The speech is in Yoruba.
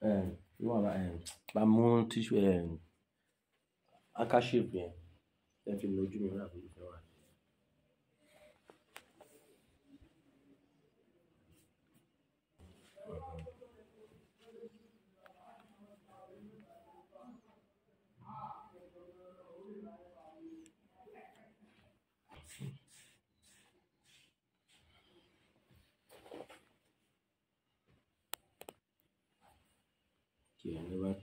Um, um, bá mú tissue um, handkerchief yẹn, ẹ fi nu ojú mi náà àbí ibi tí ó wà. 别的吧。